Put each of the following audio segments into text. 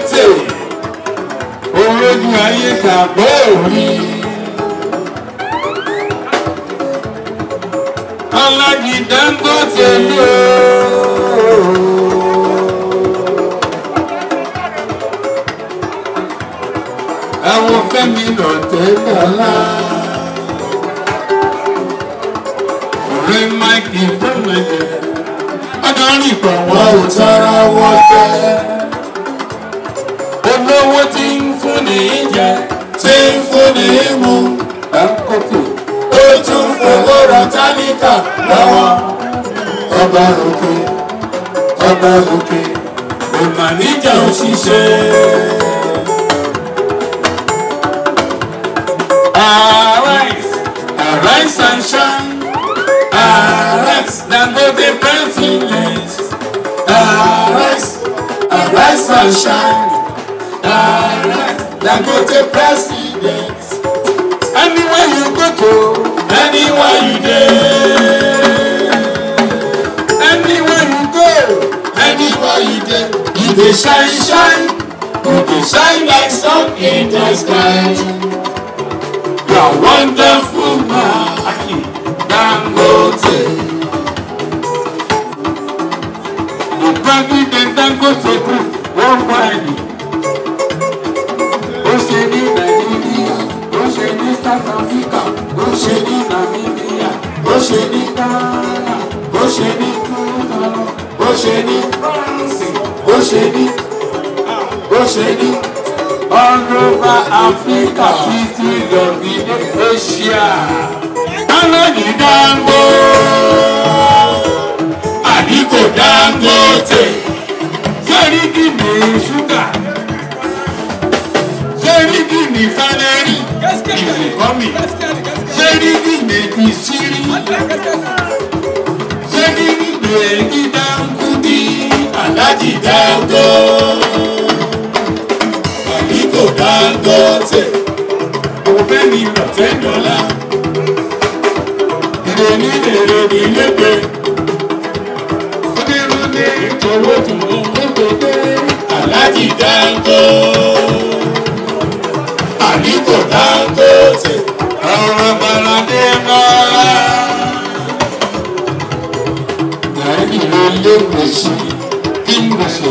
tè orójú ayé tàbó mi. Aláàjì Dangote lóò. àwọn fẹ́mi lọ tẹ́lẹ̀ ọ̀la. ọ̀rẹ́ máìkì fẹ́mi ọjọ́ rìn pọ̀ wọ́n ò tara property. ó tún fowó ra tálíkà lọ́wọ́. ọba òkè ọba òkè ọba níjà òṣìṣẹ́. Arise, arise and shine. Arise, Dangote president. Arise, arise and shine. Arise, Dangote president. Anywhere you go to, anywhere you dey. Anywhere you go, anywhere you dey. You dey shine shine, you dey shine like sun in the sky. You are wonderful man, Dangote. The president Dangote group worldwide. South Africa ó ṣe ní Namibia ó ṣe ní Ghana ó ṣe ní Kúrúnà ó ṣe ní France ó ṣe ní ó ṣe ní all over Africa títí lọ ní Asia. Tálọ́nì dáńgó àdìgò dáńgó tè sẹ́ríkì mi ṣúgà refinery she will come in sẹ́ríkì méjì sírí sẹ́ríkì méjì Dangote Alhaji Dangote Aliko Dangote Ọ̀fẹ́mi Ọ̀tẹ́dọ́lá ìrònú ìrònú ìlẹ́gbẹ̀ẹ́ onírúurú ìtọ́wọ́tò ọ̀gbọ́n tó dé Alhaji Dangote. Àlíkò Dangote ọ̀rọ̀ balade máa. Gàrí ló lé gbèsè kí n gbèsè.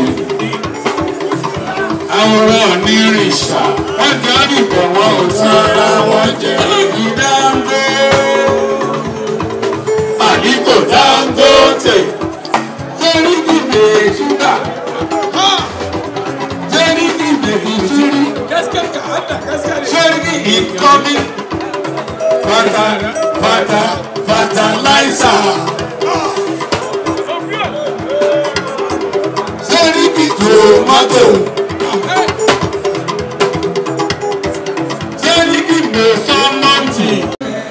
Àwòrán ní rìṣà wọ́n jẹ́ àdìgbò jẹ́ àdìdáńgbé. Àlíkò fatalaisa. sẹ́ríkì tòmátò. sẹ́ríkì mẹ́sàn-án-mọ́tì. Yeah.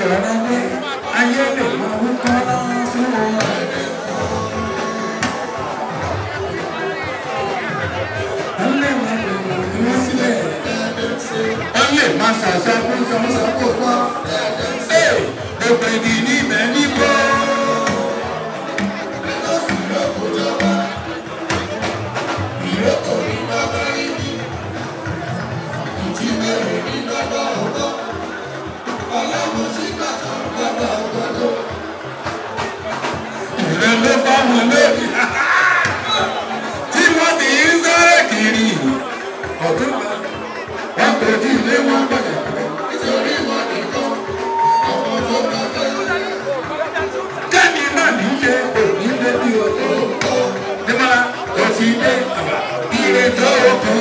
ìrànlọ́wọ́ ayé lè máa wúkọ́ sí wọn. wọ́n lè máa ṣàṣà fún ìṣàmúṣà kó fọ́. gbogbo ènìyàn ní ìmẹ̀ ní bọ́. àmúlé tí wọ́n sì ń sáré kiri ọ̀dún wọn kò tí ilé wọn padà nítorí wọn nìkan ọmọ tó bá fẹ́. kẹ́mi náà ní ṣe òní lé bí o tó tó nígbà tó ti dé ìrètò òkú.